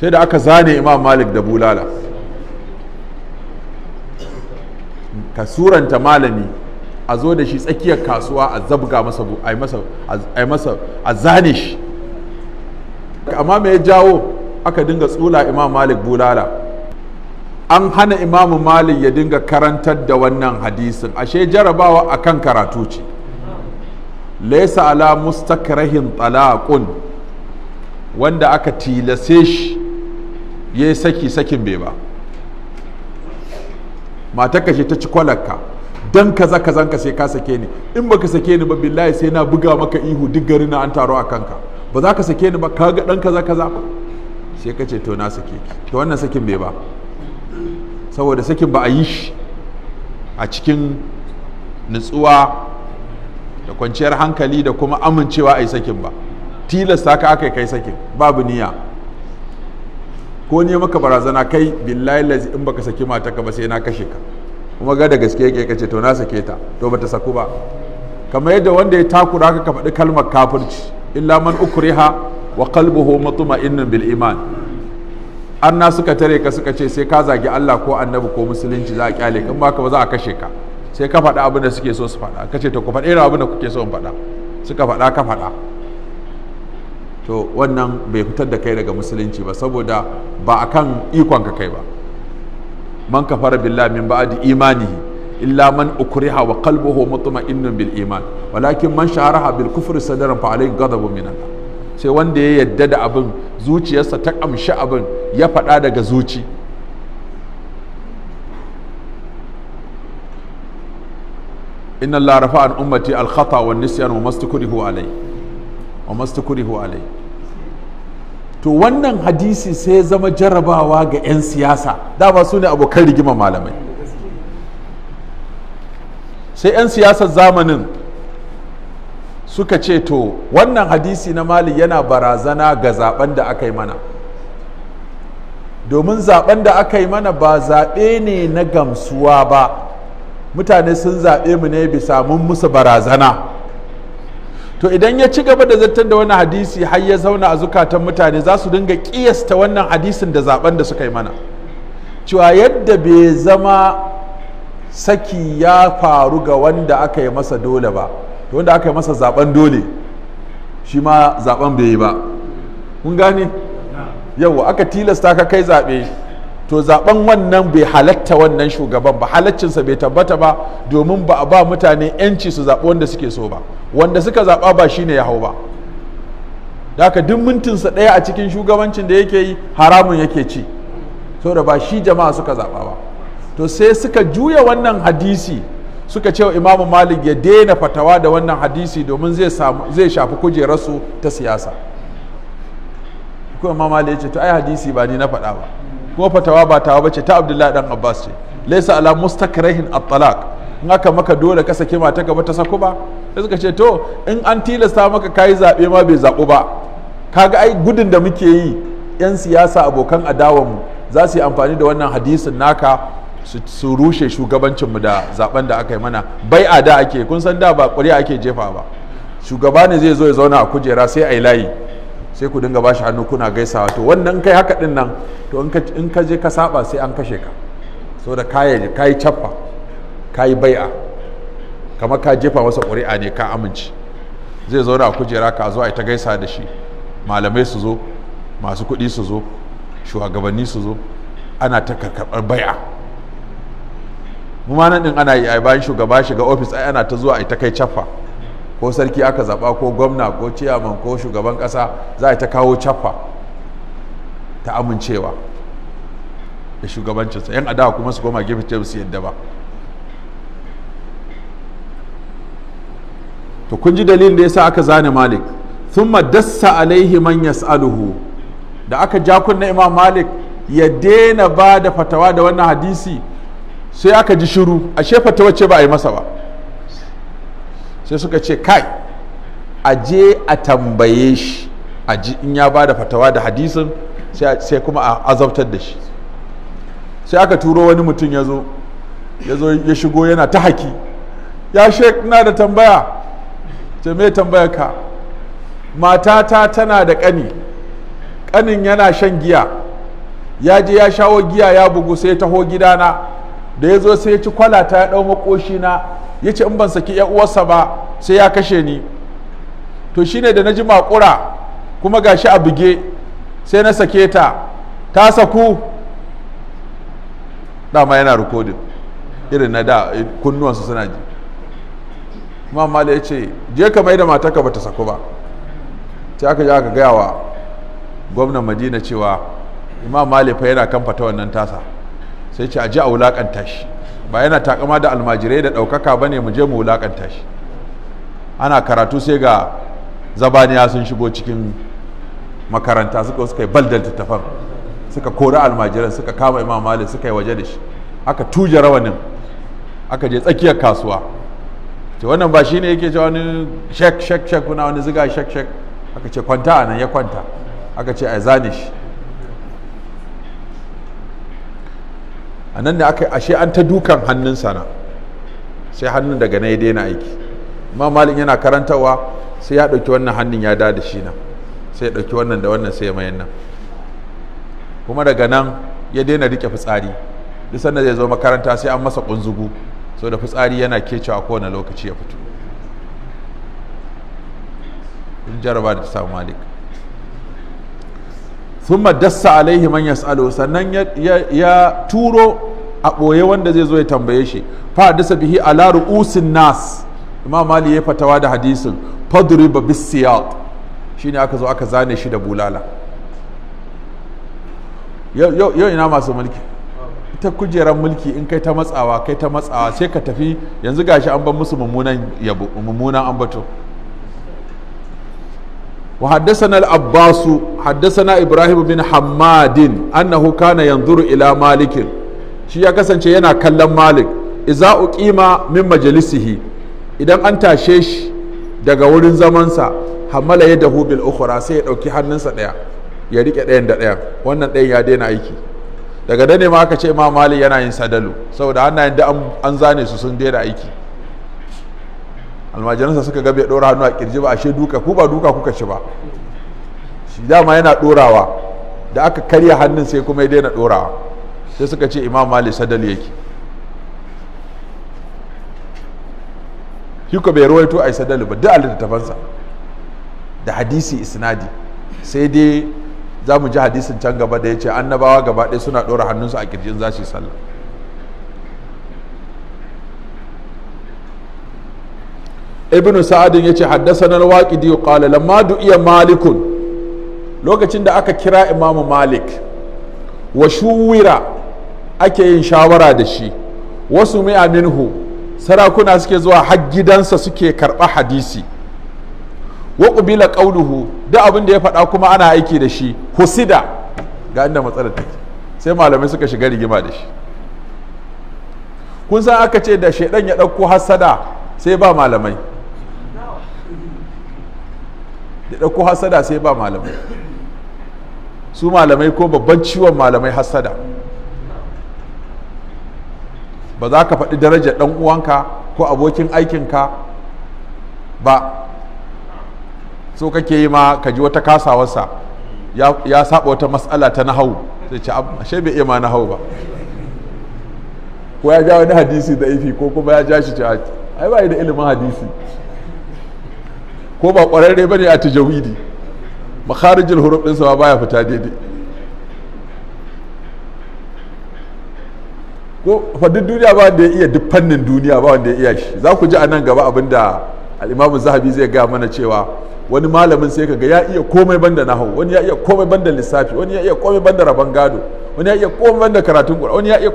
sai da aka zane imam malik da bulala ka suranta malami a zo da shi tsakiyar kasuwa a zabga masa a zane shi amma me ya jawo aka dinga tsula imam malik bulala an hana imam malik ya dinga karantar da wannan hadisin ashe jarabawa akan karatu ce laisa ala mustakrahin talaqun wanda aka tilase shi ya yi saki sakin bai ba matarka ce ta ci kwalakka don kaza kazan ka sai ka sake ni in baka sake ni ba billahi sai na buga maka ihu duk gari na an taro a kanka ba za ka sake ni ba ka ga dan kaza kaza ba sai ka ce to na sake ki to wannan sakin bai ba saboda sakin ba a yi shi a cikin nutsuwa da kwanciyar hankali da kuma amincewa a yi sakin ba tilasta ka aka kai sakin babu niyya ko ne maka barazana kai billahi lazi in baka saki mata ka ba sai na kashe ka kuma ga da gaske yake kace to na sake ta to bata saku ba kamar yadda wanda ya takura ka ka faɗi kalmar kafirci illa man ukriha wa qalbuhu mutma'innun bil iman anna suka tare ka suka ce sai ka zagi Allah ko annabi ko musulunci za a kyale in baka ba za a kashe ka sai ka faɗi abin da suke so su faɗa kace to ku faɗi abin da kuke so in faɗa suka faɗa ka faɗa to wannan bai fitar da kai daga musulunci ba saboda ba a kan ikon ka kai ba man kafara billahi min ba'di imanihi illa man ukriha wa qalbuhu mutma'innun bil iman walakin man shaharaha bil kufri sadaran fa alayhi ghadabun min Allah sai wanda ya yadda da abin zuciyarsa ta kamshi abin ya faɗa daga zuci inna Allah rafa'a an ummati al khata wa nisyan wa mastakurihu alayhi wa mastakurihu alayhi to wannan hadisi sai ya zama jarabawa ga 'yan siyasa dama su ne abokan rigima malamai sai 'yan siyasar zamanin suka ce to wannan hadisi na mali yana barazana ga zaben da aka yi mana domin zaben da aka yi mana ba zaɓe ne na gamsuwa ba mutane sun zaɓe mu ne bisa mun musu barazana to idan ya ci gaba da zartar da wannan hadisi har ya zauna a zukatan mutane za su dinga kiyasta wannan hadisin da zaben da suka yi mana cewa yadda bai zama saki ya faru ga wanda aka yi masa dole ba to wanda aka yi masa zaben dole shi ma zaben bai yi ba kun gane yawa aka tilasta ka kai zaɓe to zaben wannan bai halatta wannan shugaban ba halaccinsa bai tabbata ba domin ba a ba mutane yanci su zaɓi wanda suke so ba wanda suka zaɓa ba shine ya hau ba haka duk mintinsa ɗaya a cikin shugabancin da yake yi haramun yake ci da ba shi jama'a suka zaɓa ba to sai suka juya wannan hadisi suka ce wa imamu malik ya daina fatawa da wannan hadisi domin zai shafi kujerarsu ta siyasa kuma imamu malik ya ce to ai hadisi ba ni na faɗa ba kuma fatawa ba ta tawa ce ta abdullahi dan abbas ce laisa ala mustakrahin at-talaq in aka maka dole ka sake mata ka ta sako ba sai suka ce to in an tilasta maka kayi zabe ma bai zaku ba kaga ai gudun da muke yi yan siyasa abokan adawan mu za su yi amfani da wannan hadisin naka su rushe shugabancin mu da zaben da aka yi mana bai a da ake kun san da ba ƙuri'a ake jefa ba shugaba ne zai zo ya zauna a kujera sai a yi layi sai ku dinga bashi hannu kuna gaisawa to wannan kai haka din nan to in ka je ka saba sai an kashe ka da kayi kayi cappa kayi bai'a kamar ka jefa masa ƙuri'a ne ka amince zai zo da kujera ka zo a ta gaisa da shi malamai su zo masu kuɗi su zo shugabanni su zo ana ta karɓar bai'a mu ma nan din ana yi a bayan shugaba shiga ofis ai ana ta zuwa a ta kai cappa ko sarki aka zaba ko gwamna ko ciyaman ko shugaban kasa za a ta kawo cappa ta amincewa da shugabancinsa yan adawa kuma su koma gefe ce su yadda ba to kun ji dalil da yasa aka zane malik sun dassa alaihi man yas'aluhu da aka ja kunna imam malik ya daina ba da fatawa da wannan hadisi sai aka ji shiru ashe fatawa ce ba a yi masa ba sai suka ce kai a je a tambaye shi a in ya ba da fatawa da hadisin sai kuma a azabtar da shi sai aka turo wani mutum ya zo ya shigo yana ta haki ya shek na da tambaya ce mai tambaya ka matata tana da ƙani ƙanin yana shan giya ya je ya shawo giya ya bugu sai ya taho gidana da ya zo sai ya ci kwalata ya ɗau makoshi na ya ce in ban saki uwarsa ba sai ya kashe ni to shine da na ji makura kuma gashi a buge sai na sake ta ta saku dama yana rikodin irin na da kunnuwansu suna ji kuma ya ce je ka mai da matarka ba ta saku ba sai aka aka gaya wa gwamnan madina cewa imam malifa yana kamfata wannan tasa sai ce a ji a wulakanta shi ba yana takama da almajirai da ɗaukaka ba ne mu je mu wulaƙanta shi ana karatu sai ga zabaniya sun shigo cikin makaranta suka suka yi baldal tattafan suka kori almajiran suka kama imam malik suka yi waje da shi aka tuje rawanin aka je tsakiyar kasuwa ce wannan ba shine yake cewa wani shek shek shek kuna wani ziga shek shek aka ce kwanta a nan ya kwanta aka ce a zane shi a nan ne aka ashe an ta dukan hannun sana sai hannun daga na ya daina aiki amma malin yana karantawa sai ya ɗauki wannan hannun ya da da shi nan sai ya ɗauki wannan da wannan sai ya mayan nan kuma daga nan ya daina riƙe fitsari duk sanda zai zo makaranta sai an masa ƙunzugu so da fitsari yana kecewa kowane lokaci ya fito in jaraba da samu malik ma dassa alaihi man yas'alu sannan ya, turo a ɓoye wanda zai zo ya tambaye shi fa dasa bihi ala ru'usin nas imam mali ya fatawa da hadisin fadriba bisiyat shine aka zo aka zane shi da bulala yau ina masu mulki ita kujerar mulki in kai ta matsawa kai ta matsawa sai ka tafi yanzu gashi an ban musu mummunan yabo mummunan ambato وحدثنا العباس حدثنا ابراهيم بن حماد انه كان ينظر الى مالك shi ya kasance yana kallon malik iza uqima min majalisihi idan an tashe shi daga wurin zamansa hamala ya dahu bil ukhra sai ya dauki hannunsa daya ya rike dayan da dayan wannan dayan ya daina aiki daga da ne ma aka ce imam malik yana yin sadalu saboda hannayen da an zane su sun daina aiki almajiransa suka ga bai dora hannu a kirji ba ashe duka ku ba duka kuka ci ba shi dama yana dorawa da aka karya hannun sai kuma ya daina dorawa sai suka ce imam malik sadal yake shi bai rawaito a sadal ba duk a littattafansa da hadisi isnadi sai dai za mu ji hadisin can gaba da ya ce annabawa gaba ɗaya suna ɗora hannunsu a kirjin za su yi sallah ibnu sa'adin ya ce haddasanar waƙidi ya ƙwale lamma du'iya malikun lokacin da aka kira imamu malik wa shuwira ake yin shawara da shi wasu mai aminhu sarakuna suke zuwa har gidansa suke karɓa hadisi wa ƙubila ƙauluhu duk abin da ya faɗa kuma ana aiki da shi husida ga inda matsalar take sai malamai suka shiga rigima da shi kun san aka ce da shaidan ya ɗauko hasada sai ba malamai da ɗauko hasada sai ba malamai su malamai ko babban ciwon malamai hasada ba za ka faɗi darajar ɗan uwanka ko abokin aikinka ba so kake yi ma ka ji wata kasawarsa ya saba wata matsala ta nahau sai ce ashe bai iya ma nahau ba ko ya ja wani hadisi da ifi ko kuma ya ja shi ce ai ba da ilimin hadisi ko ba ƙwararre ba ne a tijawidi makharijin huruf ɗinsa ba ya fita daidai ko fa duk duniya ba wanda ya iya duk fannin duniya ba wanda ya iya shi za ku ji a nan gaba abin da al'imamu zahabi zai gaya mana cewa wani malamin sai kaga ya iya komai banda nahawu wani ya iya komai banda lissafi wani ya iya komai banda rabon gado wani ya iya komai banda karatun kura wani ya iya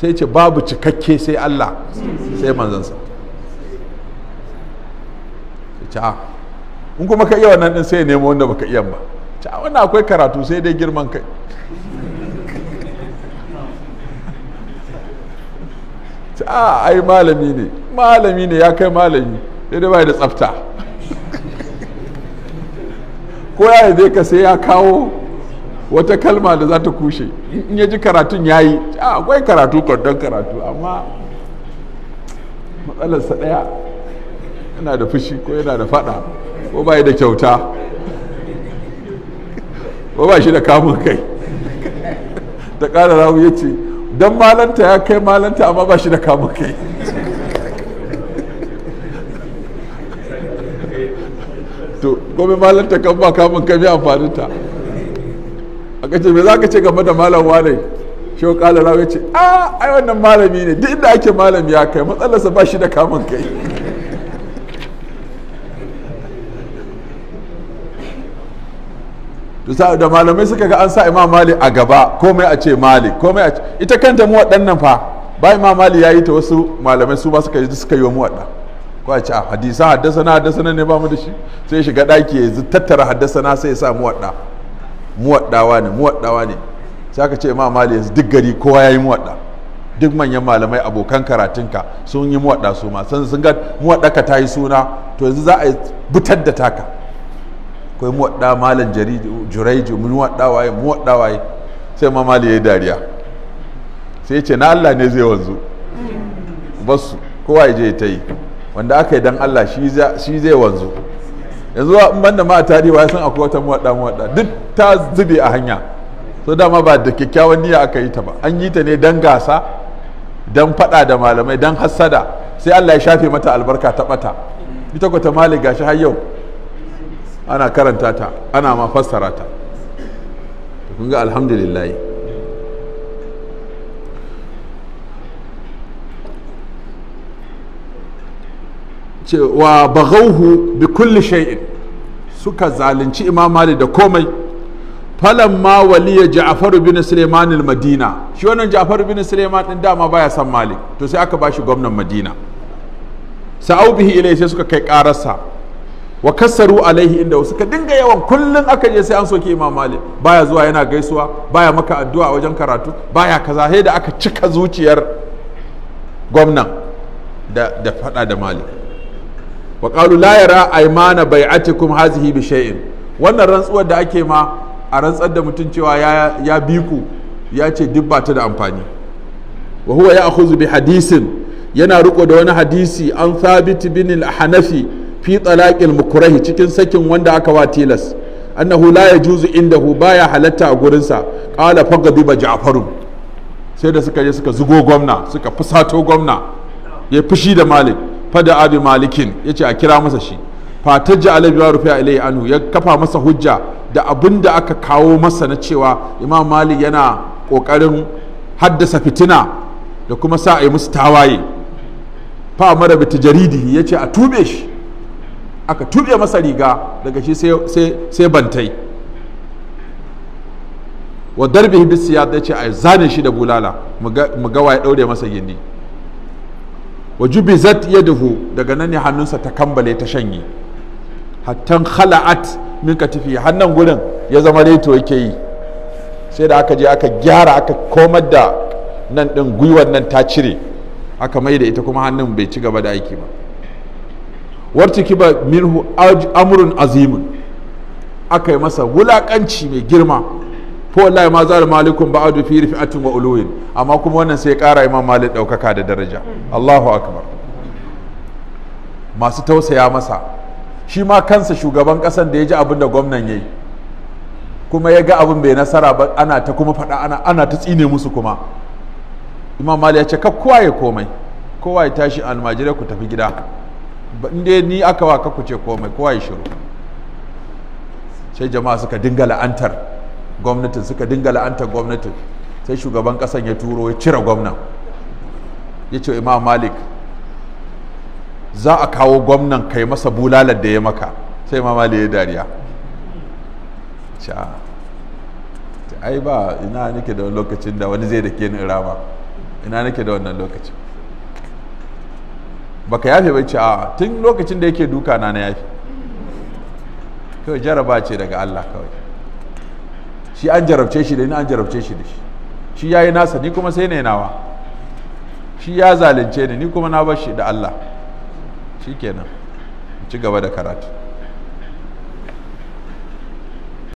sai ce babu cikakke sai Allah sai manzansa ce a ah, in kuma ka iya wannan din sai nemo wanda baka iya ba ce a ah, wannan akwai karatu sai dai girman kai ce a ai malami ne malami ne ya kai malami sai bai da tsafta ko ya zai ka sai ya kawo wata kalma da za ta kushe in yaji karatun ya yi akwai karatu kwardon karatu amma matsalarsa ɗaya yana da fushi ko yana da fada ko bai da kyauta ko ba shi da kamun kai ta ƙara rahu ya ce don malanta ya kai malanta amma ba shi da kamun kai to gobe malanta kan ba kamun kai ya amfani ta a kace me za ka ce game da malam wale shi kala rawa ce a ah, ai wannan malami ne duk inda ake malami ya kai matsalarsa ba shi da kamun kai da malamai suka ga an sa imam mali a gaba komai a ce mali komai a ce ita kanta mu waɗannan fa ba imam mali ya yi ta wasu malamai su ma suka yi suka yi wa mu waɗa ko a ce a ah, hadisa haddasana haddasana ne ba mu da shi sai shiga ɗaki ya tattara haddasana sai ya sa mu waɗa mu waɗawa ne mu waɗawa ne sai aka ce imam mali yanzu duk gari kowa ya yi mu waɗa duk manyan malamai abokan karatunka sun yi mu waɗa su ma sun ga mu waɗa ka ta yi suna to yanzu za a yi butar da taka akwai muwadda malam mu wadda waye mu wadda waye sai ma mali yayi dariya sai ce na Allah ne zai wanzu basu kowa ya je ya tai wanda aka yi dan Allah shi zai wanzu yanzu in banda ma a tarihi ya san akwai wata muwadda muwadda duk ta zube a hanya so dama ba da kyakkyawan niyya aka yi ta ba an yi ta ne dan gasa dan fada da malamai dan hassada sai Allah ya shafe mata albarka ta bata ita ko ta mali gashi har yau ana karanta ta ana ma fassara ta kun ga alhamdulillah wa baghawhu bi kulli shay'in suka zalunci imam malik da komai falamma waliya ja'far bin sulaiman al-madina shi wannan ja'far bin sulaiman din dama baya san malik to sai aka bashi gwamnan madina sa'au bihi ilai sai suka kai ƙararsa. wa kassaru alaihi inda suka dinga yawan kullum aka je sai an soke imam malik baya zuwa yana gaisuwa baya maka addu'a wajen karatu baya kaza sai da aka cika zuciyar gwamna da da fada da malik wa qalu la yara aymana bai'atikum hazihi bi shay'in wannan rantsuwar da ake ma a rantsar da mutun cewa ya ya biku ya ce duk ta da amfani wa huwa ya'khudhu bi hadisin yana riko da wani hadisi an thabit bin al-hanafi fi talaqil mukrahi cikin sakin wanda aka wa tilas annahu la yajuzu indahu baya halatta a gurinsa qala faqadiba ja'farun sai da suka je suka zugo gwamna suka fusato gwamna ya fushi da malik fada abi malikin ya a kira masa shi fatajja alabi wa rufiya ilayhi anhu ya kafa masa hujja da abin da aka kawo masa na cewa imam malik yana kokarin haddasa fitina da kuma sa a yi musu tawaye fa mara bi jaridi yace a tube shi aka tuɓe masa riga daga shi sai bantai wa darbi bis ya ce a zane shi da bulala mu ga ya ɗaure masa gindi wa ya duhu daga nan ne hannunsa ta kambale ta shanye hattan khala'at min katifi hannan gurin ya zama reto yake yi sai da aka je aka gyara aka komar da nan ɗin gwiwar nan ta cire aka mai da ita kuma hannun bai ci gaba da aiki ba kiba minhu amurin azimun aka yi masa wulakanci mai girma ko wallahi ma zar malikun ba'adu fi rifatin wa uluwin amma kuma wannan sai kara imam malik ɗaukaka da daraja Allahu akbar masu tausaya masa shi ma kansa shugaban kasan da ya ji abin da gwamnan yayi kuma ya ga abin bai nasara ba ana ta kuma faɗa ana ana ta tsine musu kuma imam malik ya ce ka kowa ya komai kowa ya tashi almajirai ku tafi gida inda ni aka wa ka kuce komai kowa ya shiru sai jama'a suka dinga la'antar gwamnatin suka dinga la'antar gwamnatin sai shugaban kasan ya turo ya cire gwamna ya ce imam malik za a kawo gwamnan kai masa bulalar da ya maka sai imam malik ya dariya ai ba ina nake da wani lokacin da wani zai da ke ni irama ina nake da wannan lokacin baka yafe bai ce a tun lokacin da yake duka na na yafe kawai jaraba ce daga Allah kawai shi an jarabce shi da ni an jarabce shi da shi shi ya yi nasa ni kuma sai na nawa shi ya zalunce ni ni kuma na bar shi da Allah shi kenan ci gaba da karatu